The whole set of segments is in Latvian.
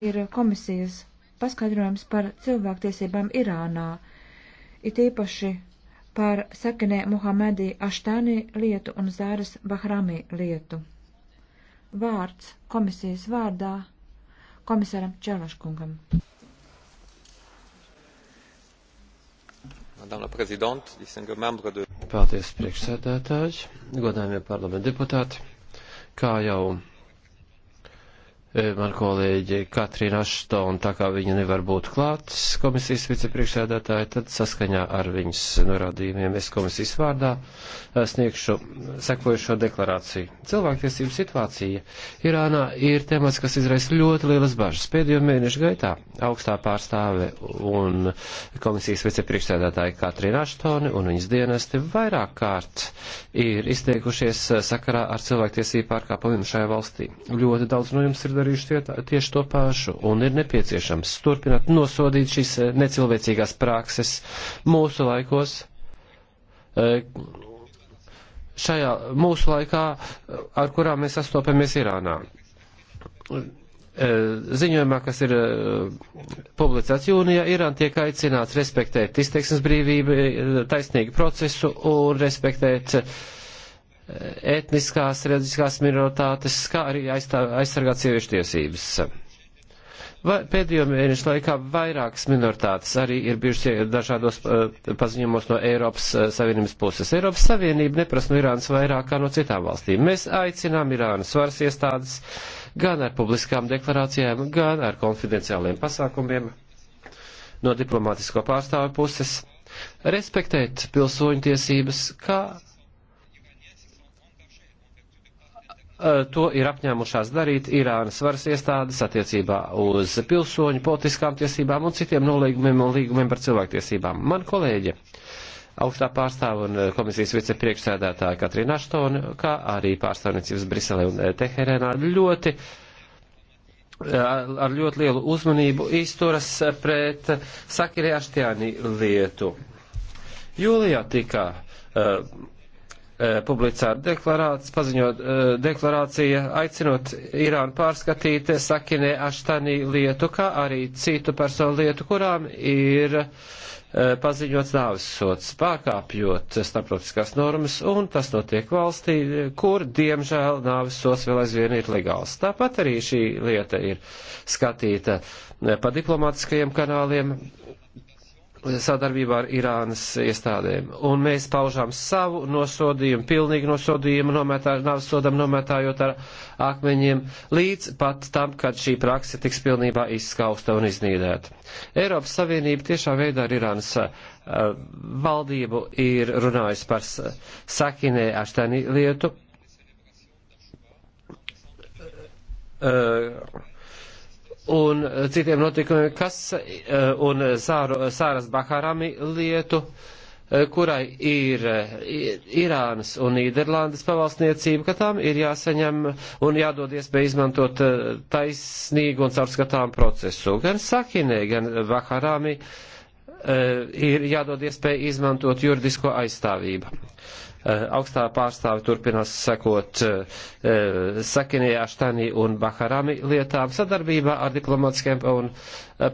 ir komisijas paskaidrojums par cilvēktiesībām Irānā, it īpaši par Sakinē Muhamedī Aštāni lietu un Zāras Bahrami lietu. Vārds komisijas vārdā komisaram Čelaškungam. Paldies, priekšsēdētāji, godājumie parlamenta deputāti. Kā jau E, man kolēģi Katrīna Aštona, tā kā viņa nevar būt klāts komisijas vicepriekšsēdētāja, tad saskaņā ar viņas norādījumiem es komisijas vārdā e, sniegšu sekojušo deklarāciju. Cilvēktiesību situācija Irānā ir temats, kas izraisa ļoti lielas bažas. Pēdējo mēnešu gaitā augstā pārstāve un komisijas vicepriekšsēdētāja Katrīna Aštoni un viņas dienesti vairāk kārt ir izteikušies sakarā ar cilvēktiesību pārkāpumiem šajā valstī. Ļoti daudz no jums ir izdarījuši tieši to pašu, un ir nepieciešams turpināt nosodīt šīs eh, necilvēcīgās prakses mūsu laikos. Eh, šajā mūsu laikā, eh, ar kurām mēs sastopamies Irānā ziņojumā, kas ir publicēts jūnijā, Irāna tiek aicināts respektēt izteiksmes brīvību, taisnīgu procesu un respektēt uh, etniskās, reliģiskās minoritātes, kā arī aizstāv, aizsargāt sieviešu tiesības. Vai, pēdējo mēnešu laikā vairākas minoritātes arī ir bijušas dažādos uh, paziņojumos no Eiropas uh, Savienības puses. Eiropas Savienība neprasa no Irānas vairāk kā no citām valstīm. Mēs aicinām Irānas varas iestādes gan ar publiskām deklarācijām, gan ar konfidenciāliem pasākumiem no diplomātisko pārstāvu puses respektēt pilsoņu tiesības, kā Eh, to ir apņēmušās darīt Irānas varas iestādes attiecībā uz pilsoņu, politiskām tiesībām un citiem nolīgumiem un līgumiem par cilvēktiesībām. Man kolēģi, augstā pārstāva un eh, komisijas vicepriekšsēdētāja Katrīna Aštona, kā arī pārstāvniecības Briselē un eh, Teherēnā ļoti ar ļoti lielu uzmanību izturas pret Sakirī Aštjāni lietu. Jūlijā tika uh, Eh, publicēta deklarācija, paziņot eh, deklarācija, aicinot Irānu pārskatīt Sakinē Aštanī lietu, kā arī citu personu lietu, kurām ir eh, paziņots nāvis sots, pārkāpjot starptautiskās normas, un tas notiek valstī, kur, diemžēl, nāvis sots vēl aizvien ir legāls. Tāpat arī šī lieta ir skatīta pa diplomātiskajiem kanāliem, sadarbībā ar Irānas iestādēm. Un mēs paužām savu nosodījumu, pilnīgu nosodījumu, nometā, navas sodam nometājot ar akmeņiem, līdz pat tam, kad šī praksa tiks pilnībā izskausta un iznīdēta. Eiropas Savienība tiešā veidā ar Irānas uh, valdību ir runājusi par Sakinē Aštani lietu. Uh, un eh, citiem notikumiem, kas eh, un Sāru, eh, Sāras Baharami lietu, kurai ir Irānas un Nīderlandes pavalsniecība, ka tām ir jāsaņem un jādod iespēja izmantot taisnīgu un caurskatām procesu. Gan Sakinē, gan Baharami ir jādod iespēja izmantot juridisko aizstāvību. Eh, augstā pārstāve turpinās sekot eh, Sakinijā, Štanī un Baharami lietām sadarbībā ar diplomatiskajiem un eh,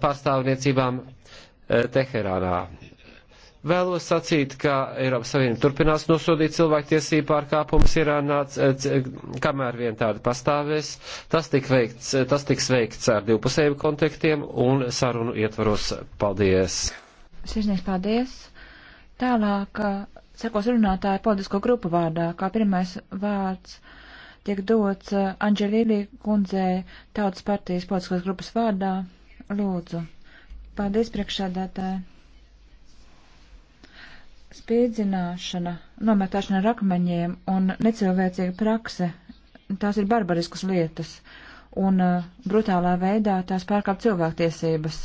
pārstāvniecībām Teherānā. Vēlos sacīt, ka Eiropas Savienība turpinās nosodīt cilvēktiesību pārkāpumus Irānā, kamēr vien tāda pastāvēs. Tas, tik veikts, tas tiks veikts ar divpusēju kontaktiem un sarunu ietvaros. Paldies! Sirsnieks, paldies! Tālāk Sekos runātāja politisko grupu vārdā, kā pirmais vārds tiek dots Anģelīlī kundzei Tautas partijas politiskās grupas vārdā. Lūdzu. Paldies priekšādātāji. Spiedzināšana, nometāšana ar akmeņiem un necilvēcīga prakse, tās ir barbariskas lietas, un uh, brutālā veidā tās pārkāp cilvēktiesības.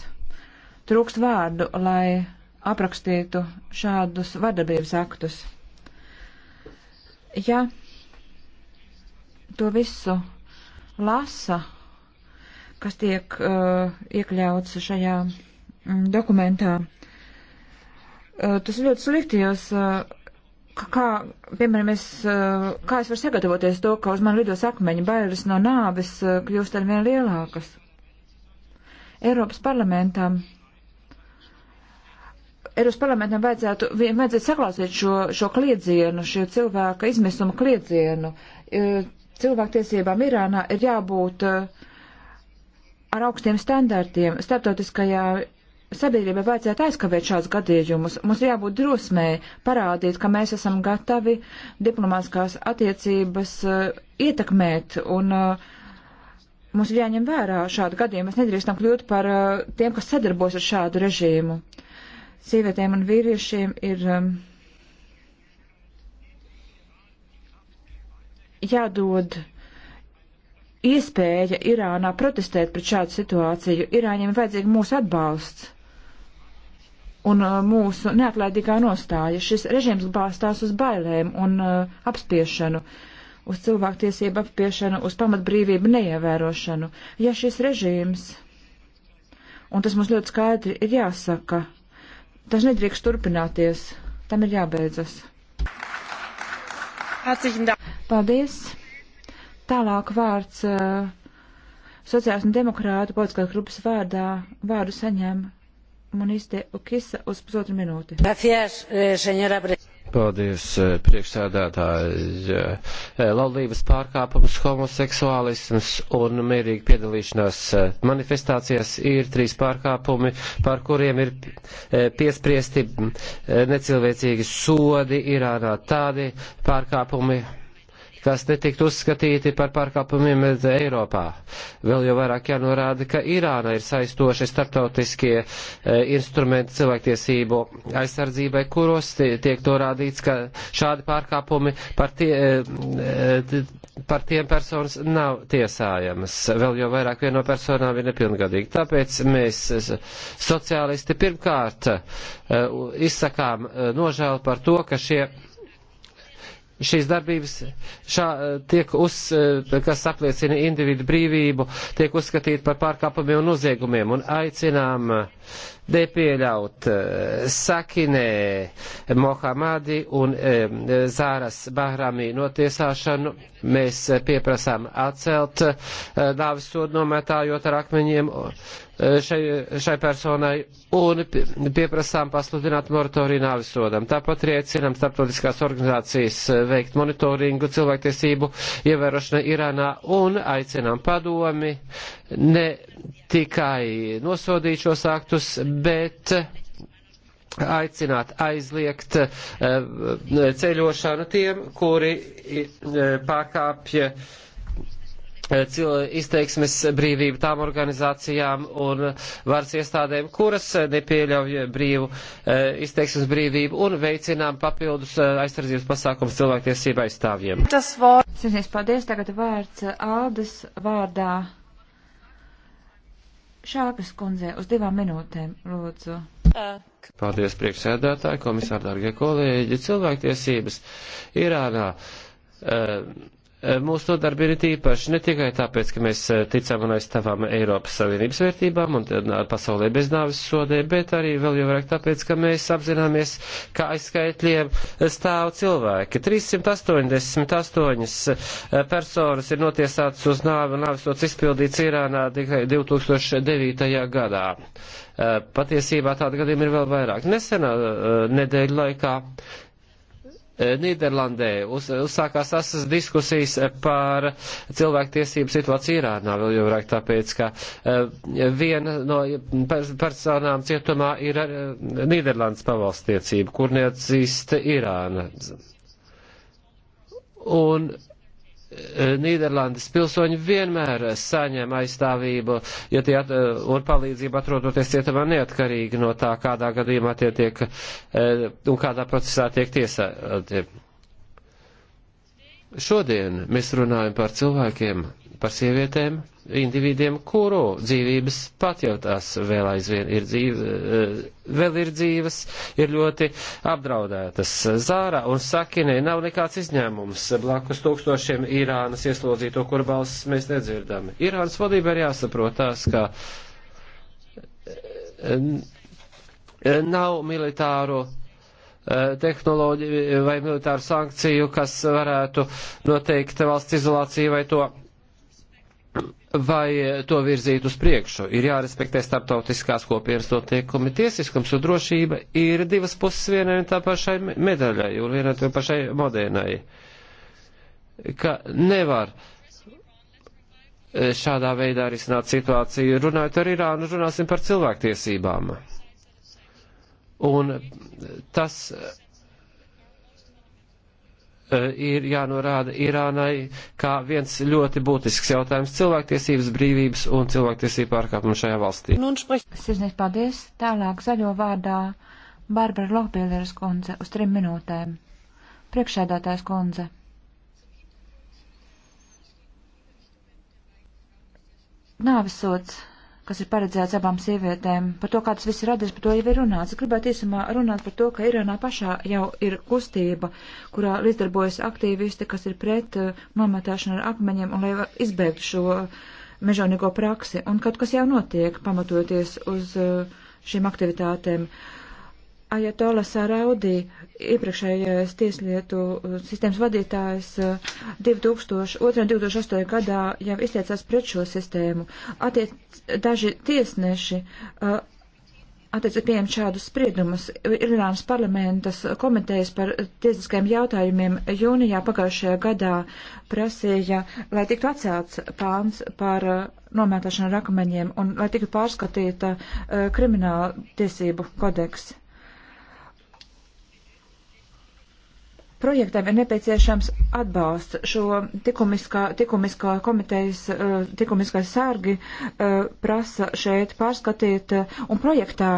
Trūkst vārdu, lai aprakstītu šādus vardarbības aktus. Ja to visu lasa, kas tiek uh, iekļauts šajā mm, dokumentā, uh, tas ļoti slikti, jo uh, kā, piemēram, es, uh, kā es varu sagatavoties to, ka uz mani lidos akmeņi, bailes no nāves uh, kļūst ar vien lielākas. Eiropas parlamentam uh, Eiropas parlamentam vajadzētu, vajadzētu saklausīt šo, šo kliedzienu, šo cilvēka izmisuma kliedzienu. E, cilvēktiesībām Irānā ir jābūt e, ar augstiem standartiem. Startautiskajā sabiedrībai vajadzētu aizkavēt šādus gadījumus. Mums jābūt drosmēji parādīt, ka mēs esam gatavi diplomātskās attiecības e, ietekmēt un uh, Mums ir jāņem vērā šādi gadījumi. Mēs nedrīkstam kļūt par uh, tiem, kas sadarbojas ar šādu režīmu sievietēm un vīriešiem ir um, jādod iespēja Irānā protestēt pret šādu situāciju. Irāņiem ir vajadzīga mūsu atbalsts un uh, mūsu neatlaidīgā nostāja. Šis režīms balstās uz bailēm un uh, apspiešanu, uz cilvēktiesību apspiešanu, uz pamatbrīvību neievērošanu. Ja šis režīms, un tas mums ļoti skaidri ir jāsaka, Tas nedrīkst turpināties. Tam ir jābeidzas. Paldies. Tālāk vārds uh, sociāls un demokrātu politiskās grupas vārdā vārdu saņem Muniste Ukisa uz pusotru minūti. Gracias, eh, señora presidenta. Paldies, eh, priekšsēdētāji. Eh, eh, laulības pārkāpums, homoseksuālisms un mierīgi piedalīšanās manifestācijās ir trīs pārkāpumi, par kuriem ir piespriesti necilvēcīgi sodi Irānā. Tādi pārkāpumi kas netiktu uzskatīti par pārkāpumiem e, Eiropā. Vēl jau vairāk jānorāda, ka Irāna ir saistoši startautiskie e, instrumenti cilvēktiesību aizsardzībai, kuros tiek norādīts, ka šādi pārkāpumi par, tie, e, e, par tiem personas nav tiesājamas. Vēl jau vairāk vieno personām ir nepilngadīgi. Tāpēc mēs, sociālisti, pirmkārt e, izsakām e, nožēlu par to, ka šie šīs darbības šā, tiek uz, eh, kas apliecina individu brīvību, tiek uzskatīt par pārkāpumiem un noziegumiem un aicinām eh, nepieļaut eh, Sakinē Mohamadi un Zāras Bahrami notiesāšanu. Mēs pieprasām atcelt dāvis sodu nomētājot ar akmeņiem šai, šai personai un pieprasām pasludināt moratoriju nāvis sodam. Tāpat riecinam starptautiskās organizācijas veikt monitoringu cilvēktiesību ievērošanai Irānā un aicinām padomi ne tikai nosodīt šos aktus, bet aicināt aizliegt eh, ceļošanu tiem, kuri eh, pārkāpja Eh, izteiksmes brīvību tām organizācijām un varas iestādēm, kuras eh, nepieļauj brīvu eh, izteiksmes brīvību un veicinām papildus aizsardzības pasākums cilvēktiesība aizstāvjiem. Tas vārds. Sinies, paldies. Tagad vārds Aldas vārdā. Šāpes kundze, uz divām minūtēm, lūdzu. Paldies, priekšsēdētāji, komisāri, dārgie kolēģi. Cilvēktiesības Irānā. Uh, Eh, mūs nodarbina tīpaši ne tikai tāpēc, ka mēs eh, ticam un aizstāvam Eiropas Savienības vērtībām un eh, pasaulē bez nāvis sodē, bet arī vēl jau vairāk tāpēc, ka mēs apzināmies, ka aizskaitļiem stāv cilvēki. 388 personas ir notiesātas uz nāvi un nāvisots izpildīts Irānā tikai 2009. gadā. Patiesībā tāda gadījuma ir vēl vairāk. Nesenā nedēļa laikā Eh, Nīderlandē uz, uzsākās asas diskusijas eh, par cilvēktiesību situāciju Irānā, vēl jau vairāk tāpēc, ka eh, viena no personām cietumā ir Nīderlandes pavalstniecība, kur neatzīst Irāna. Un Eh, Nīderlandes pilsoņi vienmēr saņem aizstāvību, ja tie at, eh, un palīdzību atrodoties cietumā neatkarīgi no tā, kādā gadījumā tie tiek eh, un kādā procesā tiek tiesāti. Šodien mēs runājam par cilvēkiem, par sievietēm, individiem, kuru dzīvības pat jau tās vēl aizvien ir dzīve, eh, vēl ir dzīves, ir ļoti apdraudētas. Zārā un Sakinē nav nekāds izņēmums. Blakus tūkstošiem Irānas ieslodzīto, kur balsis mēs nedzirdam. Irānas valdība ir jāsaprotās, ka eh, nav militāru eh, tehnoloģiju vai militāru sankciju, kas varētu noteikt valsts izolāciju vai to vai eh, to virzīt uz priekšu. Ir jārespektē starptautiskās kopienas notiekumi. Tiesiskums un drošība ir divas puses vienai un tā pašai medaļai un vienai un tā pašai modēnai. Ka nevar eh, šādā veidā risināt situāciju. Runājot ar Irānu, runāsim par cilvēktiesībām. Un tas Eh, ir jānorāda Irānai kā viens ļoti būtisks jautājums cilvēktiesības brīvības un cilvēktiesību pārkāpumu šajā valstī. Sirsnīgs paldies. Tālāk zaļo vārdā Barbara Lohbieleres kundze uz trim minūtēm. Priekšēdātājs kundze. Nāvisots kas ir paredzēts abām sievietēm, par to, kā tas viss radies, par to jau ir runāts. Es gribētu īsumā runāt par to, ka Irānā pašā jau ir kustība, kurā līdzdarbojas aktīvisti, kas ir pret uh, nometāšanu ar akmeņiem un lai izbēgtu šo mežonīgo praksi. Un kaut kas jau notiek, pamatoties uz uh, šīm aktivitātēm. Uh, Ajatola Saraudī, iepriekšējais tieslietu uh, sistēmas vadītājs 2002. un 2008. gadā jau izteicās pret šo sistēmu. Attiec, daži tiesneši uh, attiecīgi pieņem šādus spriedumus. Irānas parlamentas komitejas par tiesiskajiem jautājumiem jūnijā pagājušajā gadā prasīja, lai tiktu atcelts pāns par uh, nomētāšanu rakameņiem un lai tiktu pārskatīta krimināla tiesību kodeksa projektam ir nepieciešams atbalsts šo tikumiskā, tikumiskā komitejas, eh, tikumiskās sārgi eh, prasa šeit pārskatīt, eh, un projektā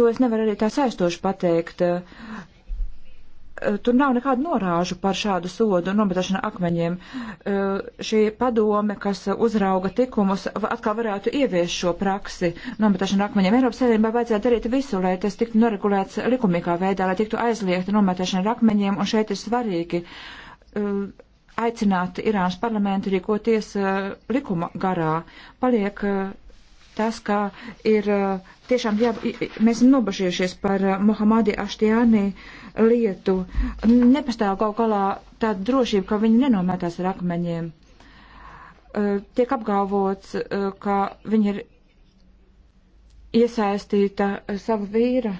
to es nevaru arī tā saistoši pateikt. Eh, tur nav nekādu norāžu par šādu sodu nometēšanu akmeņiem. Eh, šī padome, kas uzrauga tikumus, atkal varētu ieviest šo praksi nometēšanu akmeņiem. Eiropas Savienībā vajadzētu darīt visu, lai tas tiktu noregulēts likumīgā veidā, lai tiktu aizliegta nometēšana ar akmeņiem, un šeit ir svarīgi eh, aicināt Irānas parlamentu rīkoties likuma garā. Paliek tas, ka ir uh, tiešām jā, mēs esam nobažījušies par uh, Mohamadi Aštiāni lietu. Nepastāv kaut kādā tāda drošība, ka viņi nenomētās ar akmeņiem. Uh, tiek apgalvots, ka viņi ir iesaistīta sava vīra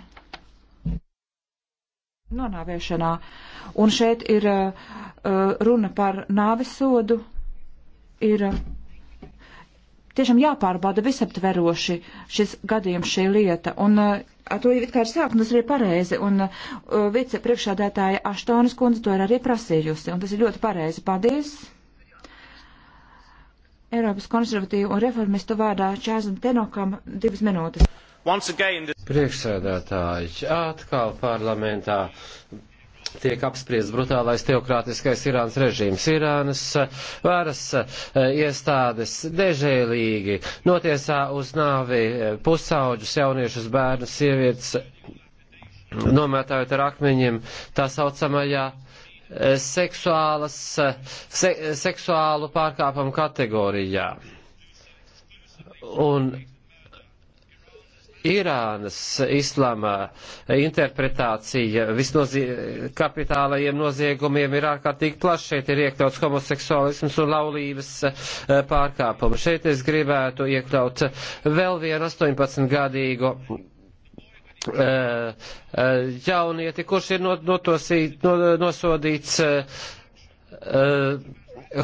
nonāvēšanā. Un šeit ir runa par nāvisodu, ir tiešām jāpārbauda visaptveroši šis gadījums, šī lieta. Un uh, ar to jau it kā ir sākt, un tas ir pareizi. Un uh, vice priekšādātāja Aštonas kundze to ir arī prasījusi, un tas ir ļoti pareizi. Paldies! Eiropas konservatīvu un reformistu vārdā Čāzam Tenokam divas minūtes. Priekšsēdētāji, atkal parlamentā tiek apspriests brutālais teokrātiskais Irānas režīms. Irānas eh, varas eh, iestādes dežēlīgi notiesā uz nāvi eh, pusauģus, jauniešus, bērnus, sievietes, nomētājot ar akmeņiem tā saucamajā seksuālas, se, seksuālu pārkāpumu kategorijā. Un Irānas islama interpretācija viskapitālajiem noziegumiem ir ārkārtīgi plaša. Šeit ir iekļauts homoseksualisms un laulības eh, pārkāpumi. Šeit es gribētu iekļaut vēl vienu 18-gadīgu eh, eh, jaunieti, kurš ir notosīt, nosodīts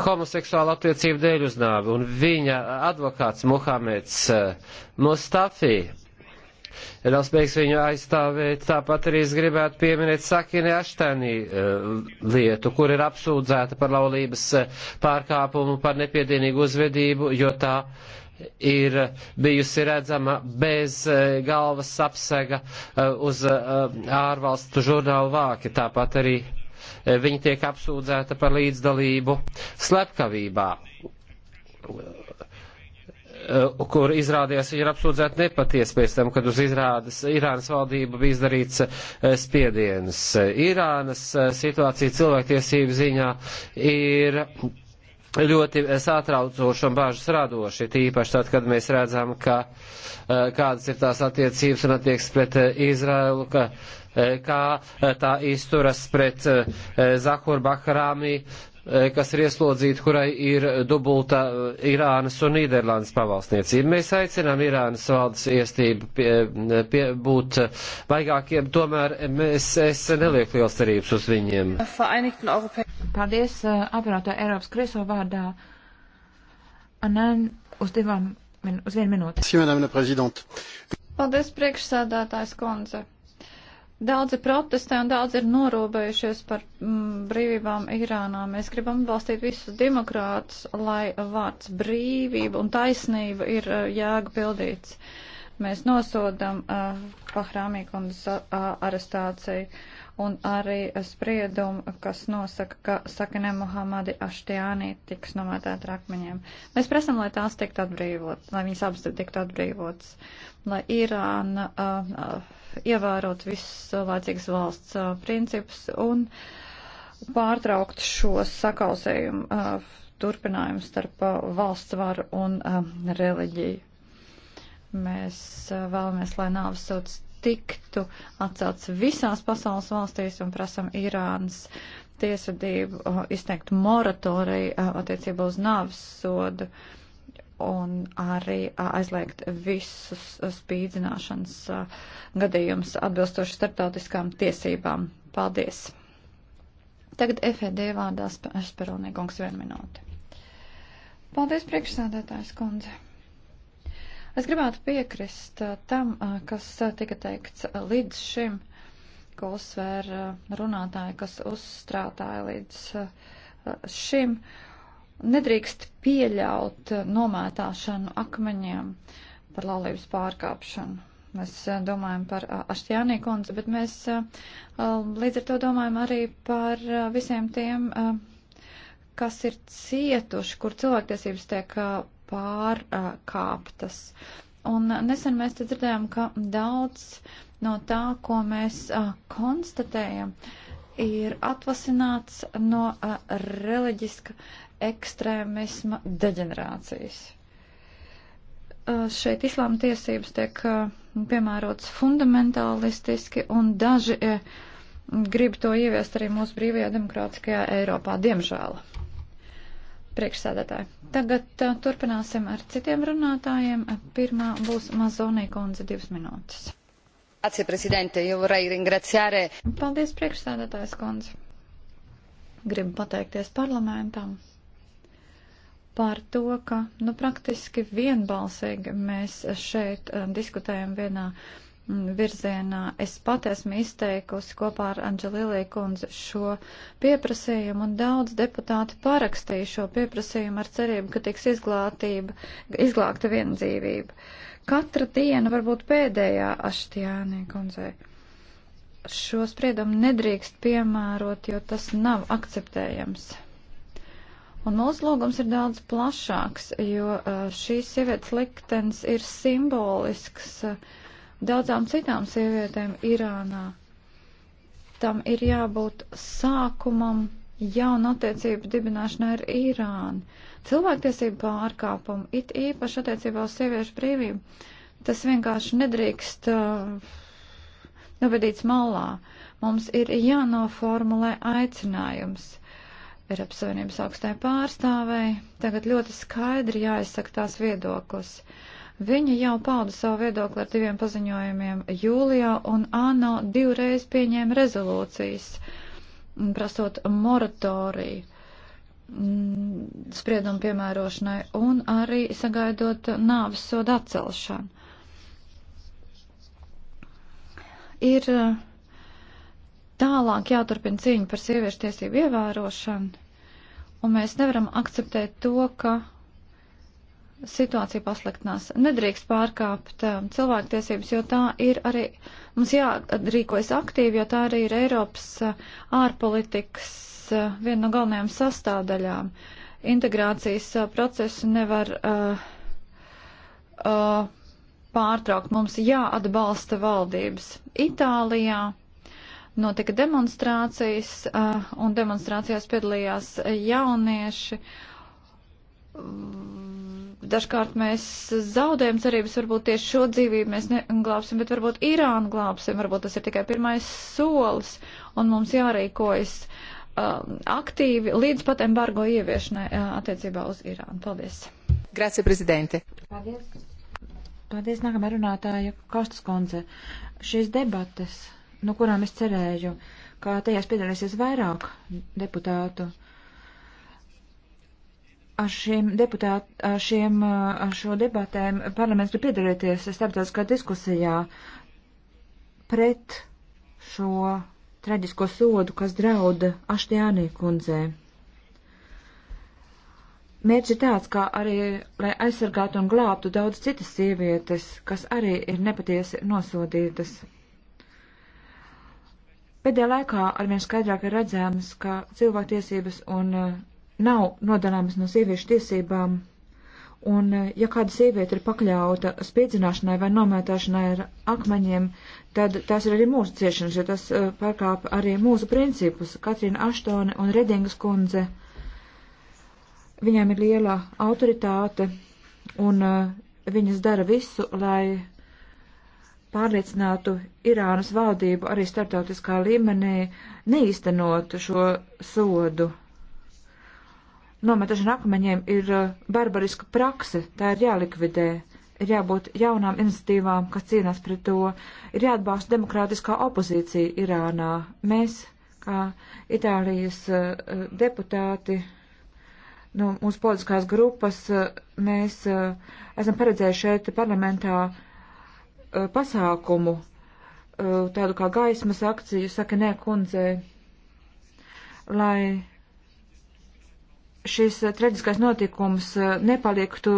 homoseksuāla attiecību dēļ uz nāvi, un viņa advokāts Muhameds Mustafi Elspējs viņu aizstāvēt. Tāpat arī es gribētu pieminēt Sakini Aštani eh, lietu, kur ir apsūdzēta par laulības eh, pārkāpumu, par nepiedienīgu uzvedību, jo tā ir bijusi redzama bez eh, galvas apsega uz ārvalstu žurnālu vāki. Tāpat arī viņa tiek apsūdzēta par līdzdalību slepkavībā Eh, kur izrādījās viņa ir apsūdzēta nepatiesi pēc tam, kad uz izrādes Irānas valdību bija izdarīts eh, spiediens. Irānas eh, situācija cilvēktiesību ziņā ir ļoti satraucoši un bāžas radoši, tīpaši tad, kad mēs redzam, ka kādas ir tās attiecības un attieksmes pret Izraelu, ka kā tā izturas pret Zahur Bahrāmi E, kas ir ieslodzīta, kurai ir dubulta e, Irānas un Nīderlandes pavalsniecība. Mēs aicinām Irānas valdes iestību pie, e, pie, būt baigākiem, tomēr mēs, es nelieku liels cerības uz viņiem. Paldies, apvienoto Eiropas Kriso vārdā. Anan, uz divām, uz vienu minūti. Paldies, priekšsēdētājs Konze. Daudzi protestē un daudzi ir norūpējušies par mm, brīvībām Irānā. Mēs gribam atbalstīt visus demokrātus, lai vārds brīvība un taisnība ir uh, eh, jēga pildīts. Mēs nosodam uh, eh, Pahrāmīkundas uh, eh, arestāciju. Uh, un arī spriedumu, kas nosaka, ka Sakane Muhamadi Aštiāni tiks nomētēta ar akmeņiem. Mēs prasam, lai tās tiktu atbrīvotas, lai viņas abas tiktu atbrīvotas, lai Irāna uh, uh, ievērot visus laicīgas valsts uh, principus un pārtraukt šo sakausējumu uh, turpinājumu starp uh, valsts varu un uh, reliģiju. Mēs uh, vēlamies, lai nāves sots tiktu atcelts visās pasaules valstīs un prasam Irānas tiesvedību uh, izteikt moratoriju uh, attiecībā uz nāves sodu un arī uh, aizliegt visus spīdzināšanas gadījumus atbilstoši starptautiskām tiesībām. Paldies! Tagad FED vārdā Speronī kungs vienu minūti. Paldies, priekšsādātājs kundze! Es gribētu piekrist uh, tam, uh, kas uh, tika teikts līdz šim, ko uzsvēra runātāji, kas uzstrādāja līdz šim. Nedrīkst pieļaut nomētāšanu akmeņiem par laulības pārkāpšanu. Mēs domājam par Aštjānī kundzi, bet mēs līdz ar to domājam arī par visiem tiem, kas ir cietuši, kur cilvēktiesības tiek pārkāptas. Un nesen mēs te dzirdējām, ka daudz no tā, ko mēs uh, konstatējam, ir atvasināts no uh, reliģiska ekstrēmisma deģenerācijas. Uh, šeit islāma tiesības tiek uh, piemērotas fundamentālistiski un daži uh, grib to ieviest arī mūsu brīvajā demokrātiskajā Eiropā, diemžēl priekšsēdētāji. Tagad uh, turpināsim ar citiem runātājiem. Pirmā būs Mazonī kundze divas minūtes. Grazie, prezidente, jau varēju ringraciāre. Paldies, priekšsēdētājs kundze. Gribu pateikties parlamentam par to, ka, nu, praktiski vienbalsīgi mēs šeit uh, diskutējam vienā uh, virzienā. Es pat esmu izteikusi kopā ar Anģelīlī kundzi šo pieprasījumu, un daudz deputāti parakstīja šo pieprasījumu ar cerību, ka tiks izglātība, izglābta viena dzīvība. Katra diena varbūt pēdējā Aštjānī kundzei. Šo spriedumu nedrīkst piemērot, jo tas nav akceptējams. Un mūsu lūgums ir daudz plašāks, jo šīs sievietes liktenis ir simbolisks uh, daudzām citām sievietēm Irānā. Tam ir jābūt sākumam jaunu attiecību dibināšanai ar Irānu. Cilvēktiesību pārkāpumu, it īpaši attiecībā uz sieviešu brīvību, tas vienkārši nedrīkst uh, novedīts malā. Mums ir jānoformulē aicinājums. Eiropas Savienības augstai pārstāvēji tagad ļoti skaidri jāizsaka tās viedoklis. Uh, Viņa jau pauda savu viedokli ar diviem paziņojumiem jūlijā un ANO divreiz pieņēma rezolūcijas, prasot moratoriju mm, spriedumu piemērošanai un arī sagaidot nāves sodu atcelšanu. Ir eh, tālāk jāturpina cīņa par sieviešu tiesību ievērošanu, un mēs nevaram akceptēt to, ka situācija pasliktinās. Nedrīkst pārkāpt um, cilvēktiesības, jo tā ir arī, mums jārīkojas aktīvi, jo tā arī ir Eiropas uh, ārpolitikas uh, viena no galvenajām sastādaļām. Integrācijas uh, procesu nevar uh, uh, pārtraukt. Mums jāatbalsta valdības. Itālijā notika demonstrācijas, uh, un demonstrācijās piedalījās jaunieši. Uh, Mm, dažkārt mēs zaudējam cerības, varbūt tieši šo dzīvību mēs neglābsim, bet varbūt Irānu glābsim, varbūt tas ir tikai pirmais solis, un mums jārīkojas uh, aktīvi līdz pat embargo ieviešanai uh, attiecībā uz Irānu. Paldies! Grazie, prezidente! Paldies! Paldies, nākamā runātāja Kostas Konze. Šīs debates, no kurām es cerēju, ka tajās piedalīsies vairāk deputātu. Uh, ar šiem deputātiem, ar šiem, ar šo debatēm parlaments grib piedalīties starptautiskā diskusijā pret šo traģisko sodu, kas drauda Aštjānī kundzē. Mērķis ir tāds, kā arī, lai aizsargātu un glābtu daudz citas sievietes, kas arī ir nepatiesi nosodītas. Pēdējā laikā arvien skaidrāk ir redzams, ka cilvēktiesības un nav nodalāmas no sieviešu tiesībām, un eh, ja kāda sieviete ir pakļauta spīdzināšanai vai nomētāšanai ar akmeņiem, tad tas ir arī mūsu ciešanas, jo tas uh, eh, pārkāpa arī mūsu principus. Katrīna Aštone un Redingas kundze, viņām ir liela autoritāte, un uh, viņas dara visu, lai pārliecinātu Irānas valdību arī starptautiskā līmenī neīstenot šo sodu nometošana akmeņiem ir eh, barbariska prakse, tā ir jālikvidē. Ir jābūt jaunām iniciatīvām, kas cīnās pret to. Ir jāatbalsta demokrātiskā opozīcija Irānā. Mēs, kā Itālijas uh, deputāti, no nu, mūsu politiskās grupas, uh, mēs uh, esam paredzējuši šeit parlamentā uh, pasākumu, uh, tādu kā gaismas akciju, saka nē kundzei, lai šis eh, traģiskais notikums eh, nepaliektu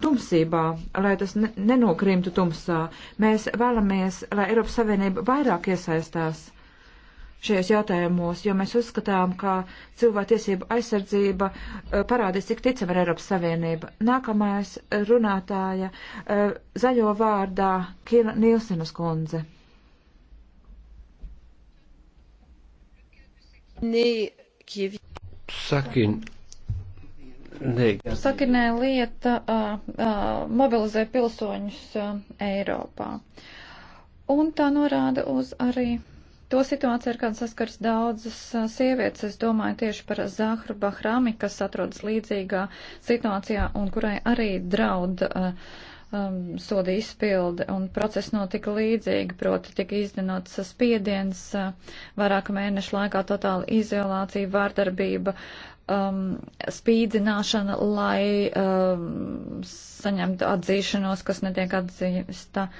tumsībā, lai tas nenokrimtu tumsā. Mēs vēlamies, lai Eiropas Savienība vairāk iesaistās šajos jautājumos, jo mēs uzskatām, ka cilvēktiesība aizsardzība eh, parādīs, cik ticama ir Eiropas Savienība. Nākamais runātāja zaļo vārdā Kira Nilsenas kundze. Sakin, Nē. Sakinē lieta uh, uh, mobilizē pilsoņus uh, Eiropā. Un tā norāda uz arī to situāciju, ar kādu saskars daudzas sievietes. Es domāju tieši par Zahru Bahrami, kas atrodas līdzīgā situācijā un kurai arī draud uh, um, soda izpilde. Un process notika līdzīgi, proti tika izdenots spiediens, uh, vairāku mēnešu laikā totāla izolācija, vārdarbība. Uh, um, spīdzināšana, lai um, saņemtu atzīšanos, kas netiek atzīsta.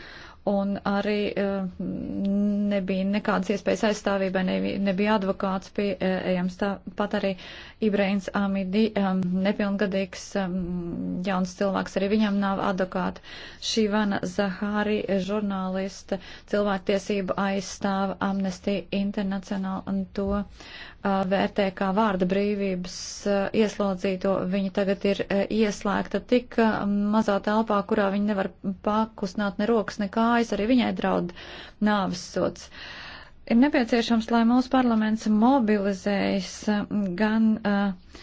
Un arī uh, nebija nekādas iespējas aizstāvībai, nebija, nebija advokāts pieejams. Eh, Tāpat arī Ibrahins Amidi, um, nepilngadīgs um, jauns cilvēks, arī viņam nav advokāta. Šīvana Zahāri, žurnāliste, cilvēktiesība aizstāva Amnesty International un to Uh, vērtē kā vārda brīvības uh, ieslodzīto. Viņa tagad ir uh, ieslēgta tik mazā telpā, kurā viņa nevar pakustināt ne rokas, ne kājas, arī viņai draud nāves sots. Ir nepieciešams, lai mūsu parlaments mobilizējas gan uh,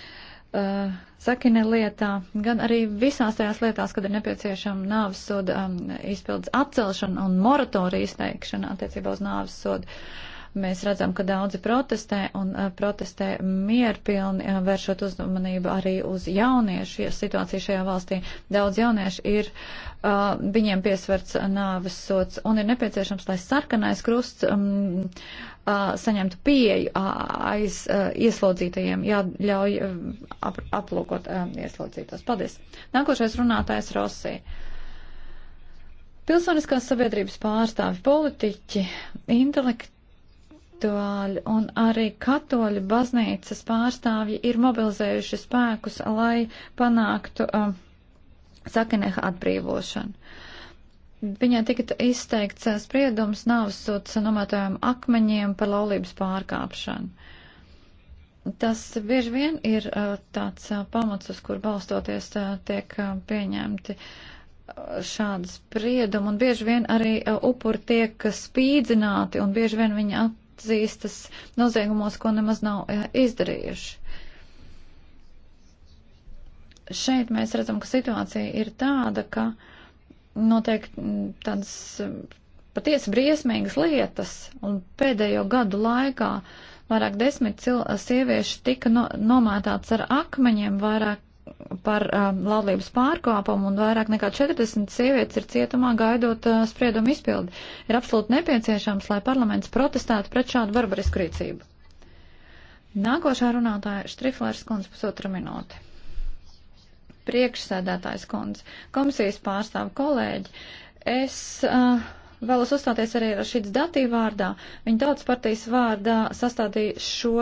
uh, sakine lietā, gan arī visās tajās lietās, kad ir nepieciešama nāves soda um, izpildes atcelšana un moratorija izteikšana attiecībā uz nāves sodu. Uh, Mēs redzam, ka daudzi protestē un eh, protestē mierpilni, eh, vēršot uzmanību arī uz jauniešu ja situāciju šajā valstī. Daudz jauniešu ir, eh, viņiem piesverts nāves sots un ir nepieciešams, lai sarkanais krusts um, saņemtu pieeju aiz ieslodzītajiem, jāļauj ap, aplūkot ieslodzītos. Paldies. Nākošais runātājs Rosija. Pilsoniskās sabiedrības pārstāvi, politiķi, intelekti intelektuāļi un arī katoļu baznīcas pārstāvji ir mobilizējuši spēkus, lai panāktu uh, um, Sakaneha atbrīvošanu. Viņai tika izteikts uh, spriedums navsots nometojam akmeņiem par laulības pārkāpšanu. Tas bieži vien ir uh, tāds uh, pamats, uz kur balstoties uh, tiek uh, pieņemti uh, šādu spriedumu, un bieži vien arī uh, upuri tiek spīdzināti, un bieži vien viņi at, atzīstas noziegumos, ko nemaz nav e, izdarījuši. Šeit mēs redzam, ka situācija ir tāda, ka notiek tādas patiesi briesmīgas lietas, un pēdējo gadu laikā vairāk desmit sieviešu tika no, nomētāts ar akmeņiem, vairāk par um, laulības pārkāpumu un vairāk nekā 40 sievietes ir cietumā gaidot uh, spriedumu izpildi. Ir absolūti nepieciešams, lai parlaments protestētu pret šādu barbarisku rīcību. Nākošā runātāja Štriflērs kundze pusotra minūte. Priekšsēdētājs kundze, komisijas pārstāvu kolēģi, es uh, vēlos uzstāties arī ar šīs datī vārdā. Viņa tautas partijas vārdā sastādīja šo.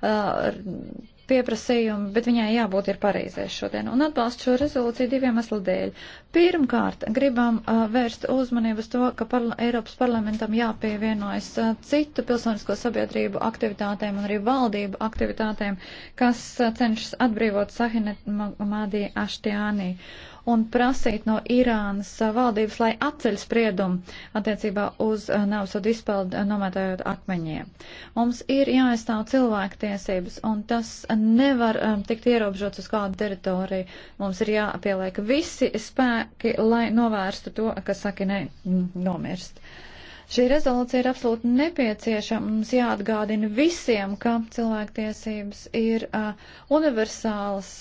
Uh, pieprasījumi, bet viņai jābūt ir Parīzē šodien. Un atbalstu šo rezolūciju diviem eslu dēļ. Pirmkārt, gribam uh, vērst uzmanību uz to, ka parla Eiropas parlamentam jāpievienojas uh, citu pilsonisko sabiedrību aktivitātēm un arī valdību aktivitātēm, kas uh, cenšas atbrīvot Sahinet Madī Aštiānī. Uh, un prasīt no Irānas valdības, lai atceļ spriedumu attiecībā uz eh, navsodu izpildu eh, nomētājot akmeņiem. Mums ir jāaizstāv cilvēktiesības, un tas nevar um, tikt ierobežots uz kādu teritoriju. Mums ir jāpieliek visi spēki, lai novērstu to, kas saka, ne, nomirst. Šī rezolūcija ir absolūti nepieciešama. Mums jāatgādina visiem, ka cilvēktiesības ir uh, universāls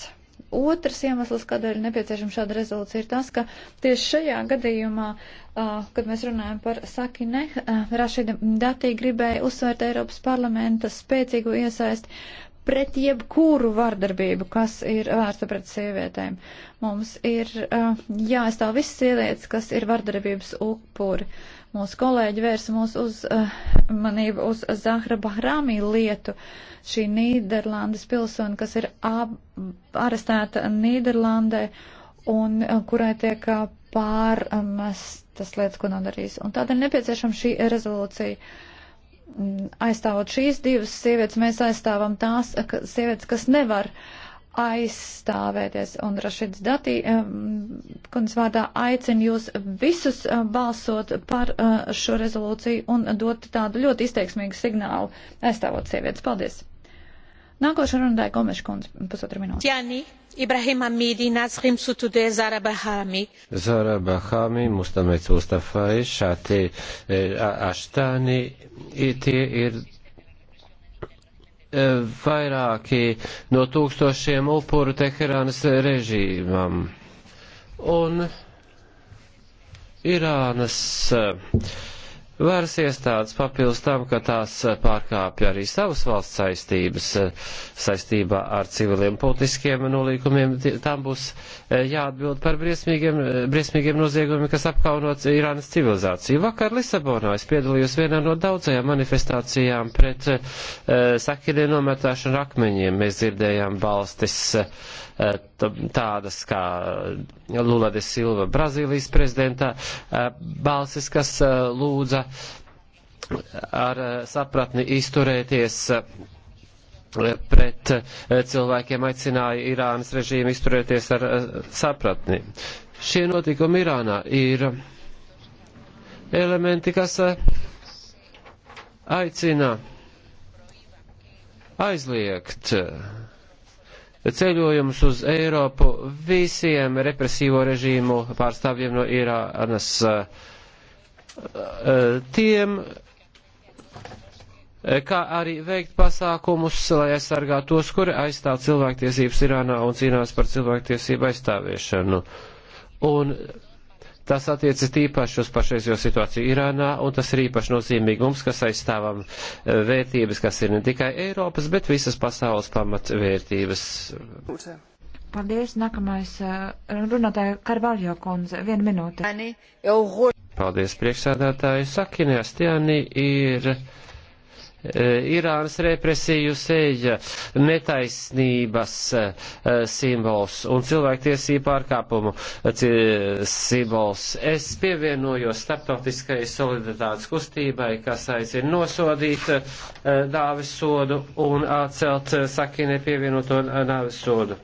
Otrs iemesls, kādēļ nepieciešama šāda rezolūcija, ir tas, ka tieši šajā gadījumā, kad mēs runājam par Saki Ne, Rašida Datī gribēja uzsvērt Eiropas parlamenta spēcīgu iesaisti pret jebkuru vardarbību, kas ir vērsta pret sievietēm. Mums ir uh, jāaizstāv visas sievietes, kas ir vardarbības upuri. Mūsu kolēģi vērsa mūsu uzmanību uh, uz Zahra Bahrāmī lietu. Šī Nīderlandes pilsona, kas ir arestēta Nīderlandē un uh, kurai tiek uh, pārmestas lietas, ko nav darījis. Un tādēļ nepieciešama šī rezolūcija. Uh, aizstāvot šīs divas sievietes, mēs aizstāvam tās ka, sievietes, kas nevar aizstāvēties. Un Rašids Datī, kundz vārdā, aicinu jūs visus eh, balsot par eh, šo rezolūciju un dot tādu ļoti izteiksmīgu signālu aizstāvot sievietes. Paldies! Nākošais runātāja Gomeša kundze, pusotra minūte. Jāni, Ibrahim Amīdi, Nāzhim Sutudē, Zara Bahāmi. Zara Bahāmi, Mustamēc Mustafai, Šāti e, Aštāni, tie ir e, vairāki no tūkstošiem upuru Teherānas režīmam. Un Irānas uh, Varas iestādes papildus tam, ka tās eh, pārkāpja arī savas valsts saistības eh, saistībā ar civiliem politiskiem nolīkumiem, tam būs eh, jāatbild par briesmīgiem, briesmīgiem noziegumiem, kas apkaunot Irānas civilizāciju. Vakar Lisabonā es piedalījos vienā no daudzajām manifestācijām pret uh, sakirie nometāšanu akmeņiem. Mēs dzirdējām balstis uh, Eh, tādas kā Lula de Silva Brazīlijas prezidenta eh, balsis, kas eh, lūdza ar sapratni izturēties pret cilvēkiem, aicināja Irānas režīmu izturēties ar sapratni. Šie notikumi Irānā ir elementi, kas aicina aizliegt ceļojumus uz Eiropu visiem represīvo režīmu pārstāvjiem no Irānas. Tiem, kā arī veikt pasākumus, lai aizsargātu tos, kuri aizstāv cilvēktiesības Irānā un cīnās par cilvēktiesību aizstāviešanu. Un Tas attiecas tīpaši uz pašreizējo situāciju Irānā, un tas ir īpaši nozīmīgi mums, kas aizstāvam eh, vērtības, kas ir ne tikai Eiropas, bet visas pasaules pamatvērtības. Paldies, nākamais eh, runātāja Karvaljo kundze, viena minūte. Paldies, priekšsēdētāji. Sakinē Astiani ir Eh, Irānas represiju sēja netaisnības eh, simbols un cilvēktiesību pārkāpumu eh, simbols. Es pievienojos starptautiskai solidaritātes kustībai, kas aicina nosodīt dāvis sodu un atcelt sakinē pievienoto nāvis sodu.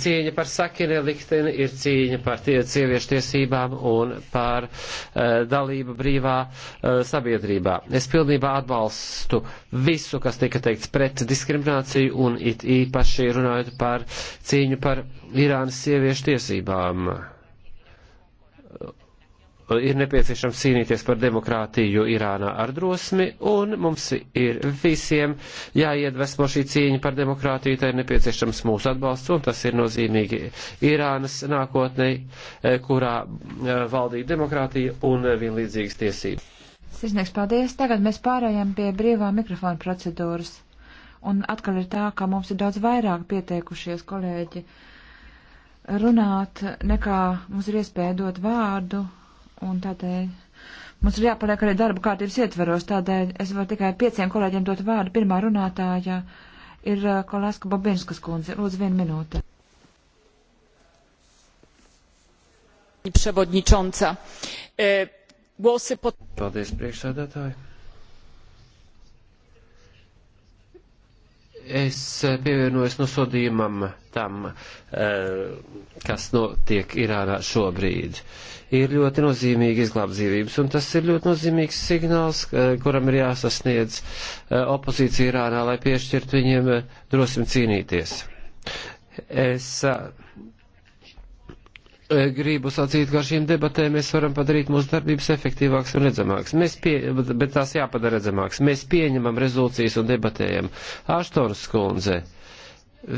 Cīņa par sakini likteni ir cīņa par tie, sieviešu tiesībām un par eh, dalību brīvā eh, sabiedrībā. Es pilnībā atbalstu visu, kas tika teikts pret diskrimināciju un it īpaši runājot par cīņu par Irānas sieviešu tiesībām ir nepieciešams cīnīties par demokrātiju Irānā ar drosmi, un mums ir visiem jāiedvesmo šī cīņa par demokrātiju, tai ir nepieciešams mūsu atbalsts, un tas ir nozīmīgi Irānas nākotnē, e, kurā e, valdīja demokrātija un vienlīdzīgas tiesības. Sirsnieks, paldies. Tagad mēs pārējām pie brīvā mikrofona procedūras. Un atkal ir tā, ka mums ir daudz vairāk pieteikušies kolēģi runāt, nekā mums ir iespēja dot vārdu un tādēļ mums ir jāpaliek arī darba kārtības ietveros, tādēļ es varu tikai pieciem kolēģiem dot vārdu. Pirmā runātāja ir uh, Kolēska Bobinskas kundze. Lūdzu, vienu minūti. E, Paldies, priekšsēdētāji. es pievienojos nosodījumam tam, eh, kas notiek Irānā šobrīd. Ir ļoti nozīmīgi izglābt dzīvības, un tas ir ļoti nozīmīgs signāls, eh, kuram ir jāsasniedz eh, opozīcija Irānā, lai piešķirt viņiem drosmi cīnīties. Es Eh, gribu sacīt, ka ar šīm debatēm mēs varam padarīt mūsu darbības efektīvāks un redzamāks. Mēs pie, bet tās jāpadara redzamāks. Mēs pieņemam rezolūcijas un debatējam. Aštons skundze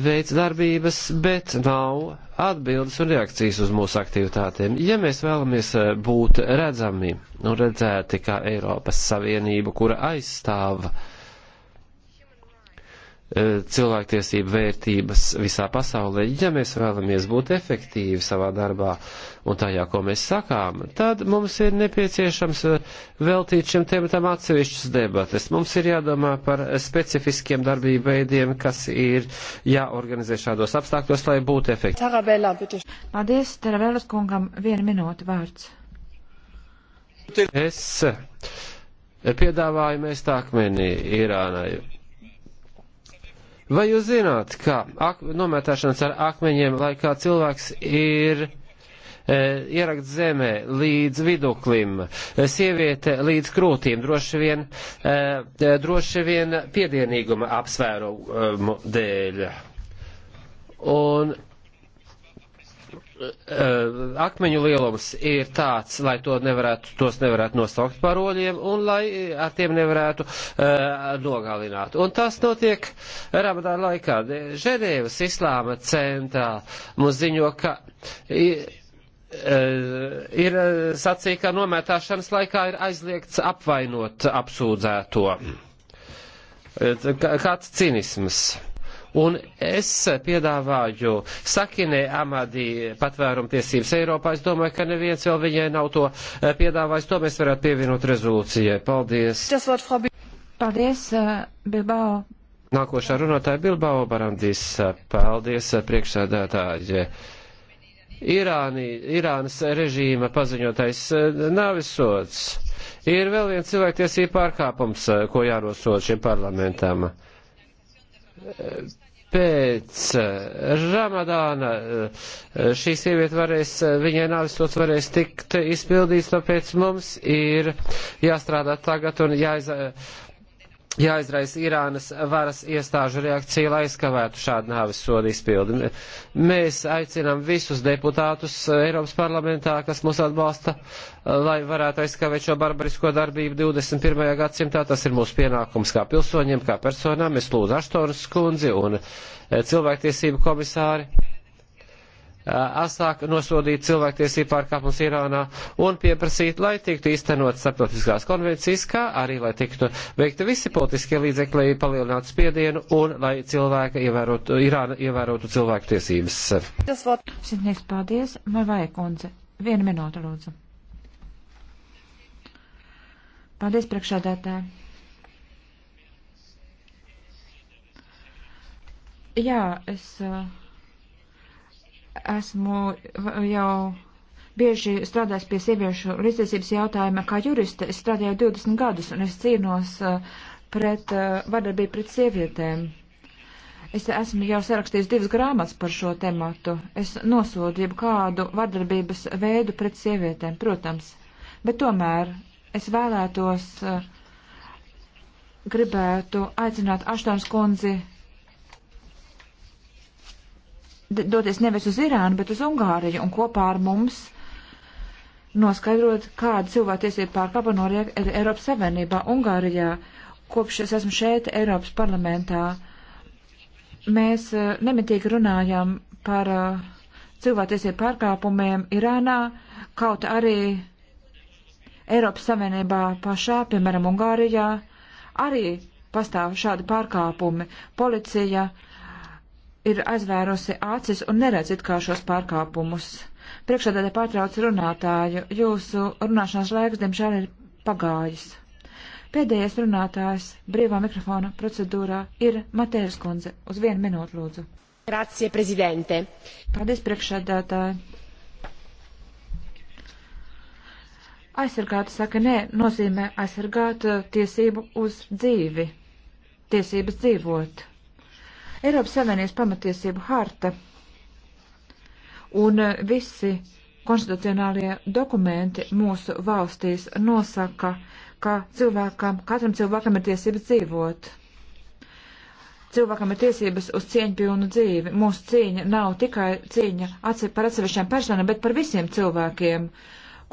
veids darbības, bet nav atbildes un reakcijas uz mūsu aktivitātēm. Ja mēs vēlamies eh, būt redzami un redzēti kā Eiropas Savienību, kura aizstāv uh, E, cilvēktiesību vērtības visā pasaulē. Ja mēs vēlamies būt efektīvi savā darbā un tajā, ko mēs sakām, tad mums ir nepieciešams e, veltīt šim tematam atsevišķas debates. Mums ir jādomā par specifiskiem darbību veidiem, kas ir jāorganizē šādos apstākļos, lai būtu efektīvi. Paldies, Teravēlas kungam, viena minūte vārds. Es piedāvāju mēs tā akmenī Irānai Vai jūs zināt, ka ak, nometāšanas ar akmeņiem, lai kā cilvēks ir e, ierakt zemē līdz viduklim, e, sieviete līdz krūtīm, droši vien, e, e, droši vien piedienīguma apsvērumu dēļ. Un Eh, akmeņu lielums ir tāds, lai to nevarētu, tos nevarētu nosaukt par oļiem un lai ar tiem nevarētu uh, nogalināt. Un tas notiek Ramadāna laikā. Ženēvas islāma centrā mums ziņo, ka eh, ir, uh, ir sacīja, ka nomētāšanas laikā ir aizliegts apvainot apsūdzēto. Kāds cinisms? Un es piedāvāju Sakinē Amadī patvērumtiesības Eiropā. Es domāju, ka neviens vēl viņai nav to eh, piedāvājis. To mēs varētu pievienot rezolūcijai. Paldies. Paldies, eh, Bilbao. Nākošā runātāja Bilbao Barandis. Paldies, eh, priekšsēdētāji. Irāni, Irānas režīma paziņotais navisots. Ir vēl viens cilvēktiesība pārkāpums, ko jārosot šim parlamentam pēc eh, Ramadāna eh, šī sieviete varēs, eh, viņai nāvisots varēs tikt izpildīts, tāpēc mums ir jāstrādā tagad un jāiz, jāizraisa Irānas varas iestāžu reakcija, lai aizskavētu šādu nāvis sodu izpildi. Mēs aicinām visus deputātus Eiropas parlamentā, kas mūs atbalsta, lai varētu aizskavēt šo barbarisko darbību 21. gadsimtā. Tas ir mūsu pienākums kā pilsoņiem, kā personām. Es lūdzu Aštonas skundzi un eh, cilvēktiesību komisāri asāk nosodīt cilvēktiesību pārkāpumus Irānā un pieprasīt, lai tiktu īstenot starptautiskās konvencijas, kā arī, lai tiktu veikti visi politiskie līdzekļi, lai palielinātu spiedienu un lai cilvēka ievērotu, Irāna ievērotu cilvēku tiesības. Sintnieks, paldies. Marvaja kundze, vienu minūtu lūdzu. Paldies, priekšādātāji. Jā, es. Uh esmu jau bieži strādājis pie sieviešu līdztiesības jautājuma kā juriste. Es strādāju 20 gadus un es cīnos eh, pret eh, vardarbību pret sievietēm. Es esmu jau sarakstījis divas grāmatas par šo tematu. Es nosodu jau kādu vardarbības veidu pret sievietēm, protams. Bet tomēr es vēlētos, eh, gribētu aicināt Aštons kundzi doties nevis uz Irānu, bet uz Ungāriju un kopā ar mums noskaidrot, kāda cilvēktiesība pārkāpa noriek Eiropas Savienībā Ungārijā. Kopš es esmu šeit Eiropas parlamentā, mēs e, nemitīgi runājam par e, cilvēktiesību pārkāpumiem Irānā, kaut arī Eiropas Savienībā pašā, piemēram, Ungārijā, arī pastāv šādi pārkāpumi. Policija uh, ir aizvērusi acis un neredz it kā šos pārkāpumus. Priekšādātā pārtrauc runātāju, jūsu runāšanas laiks, diemžēl, ir pagājis. Pēdējais runātājs brīvā mikrofona procedūrā ir Matēras kundze. Uz vienu minūtu lūdzu. Grazie, prezidente. Paldies, priekšādātāji. Aizsargāt, saka, nē, nozīmē aizsargāt uh, tiesību uz dzīvi, tiesības dzīvot. Eiropas Savienības pamatiesību harta un eh, visi konstitucionālie dokumenti mūsu valstīs nosaka, ka cilvēkam, katram cilvēkam ir tiesības dzīvot. Cilvēkam ir tiesības uz cieņpilnu dzīvi. Mūsu cīņa nav tikai cīņa par atsevišķām personām, bet par visiem cilvēkiem,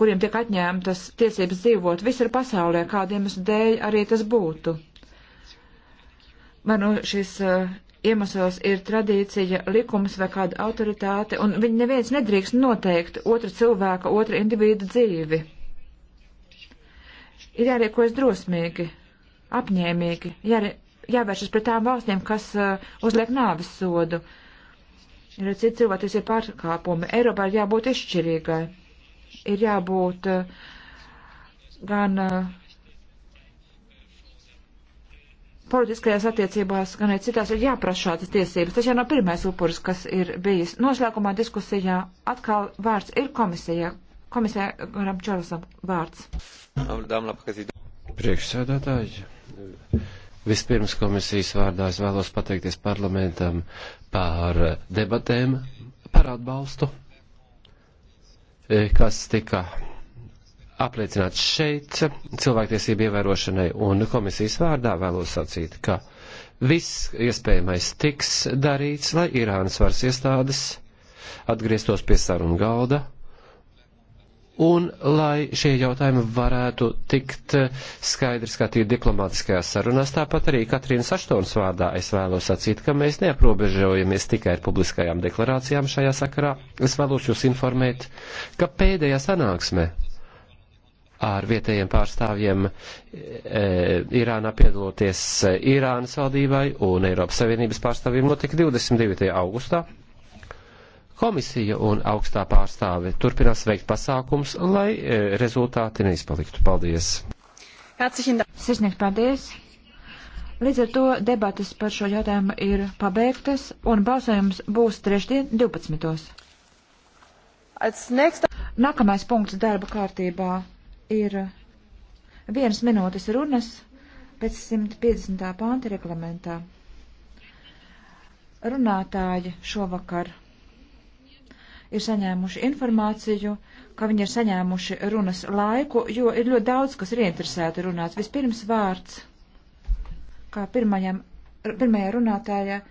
kuriem tiek atņemtas tiesības dzīvot visur pasaulē, kādiem es dēļ arī tas būtu. Man nu, šis uh, iemesls ir tradīcija, likums vai kāda autoritāte, un viņi neviens nedrīkst noteikt otra cilvēka, otra individu dzīvi. Ir jārīkojas drosmīgi, apņēmīgi, jārī, jāvēršas pret tām valstīm, kas uh, uzliek nāvis sodu. Ir citi cilvēki, ir pārkāpumi. Eiropā ir jābūt izšķirīgai. Ir jābūt uh, gan. Uh, politiskajās attiecībās, gan arī citās ir jāprasa šādas tiesības. Tas jau nav pirmais upuris, kas ir bijis. Noslēgumā diskusijā atkal vārds ir komisija. Komisāram Čorosam vārds. Priekšsēdētāji. Vispirms komisijas vārdā es vēlos pateikties parlamentam par debatēm, par atbalstu, kas tika apliecināts šeit cilvēktiesību ievērošanai un komisijas vārdā vēlos sacīt, ka viss iespējamais tiks darīts, lai Irānas varas iestādes atgrieztos pie sarunu galda un lai šie jautājumi varētu tikt skaidri skatīt diplomātiskajās sarunās, tāpat arī Katrīnas Aštons vārdā es vēlos sacīt, ka mēs neaprobežojamies tikai ar publiskajām deklarācijām šajā sakarā. Es vēlos jūs informēt, ka pēdējā sanāksme ar vietējiem pārstāvjiem e, Irānā piedaloties e, Irānas valdībai un Eiropas Savienības pārstāvjiem notika 22. augustā. Komisija un augstā pārstāve turpinās veikt pasākums, lai e, rezultāti neizpaliktu. Paldies! Sirsnieks, paldies! Līdz ar to debatas par šo jautājumu ir pabeigtas un balsojums būs trešdien 12. Nākamais punkts darba kārtībā ir vienas minūtes runas pēc 150. pānta reglamentā. Runātāji šovakar ir saņēmuši informāciju, ka viņi ir saņēmuši runas laiku, jo ir ļoti daudz, kas ir interesēti runāt. Vispirms vārds, kā pirmajam, pirmajā runātājā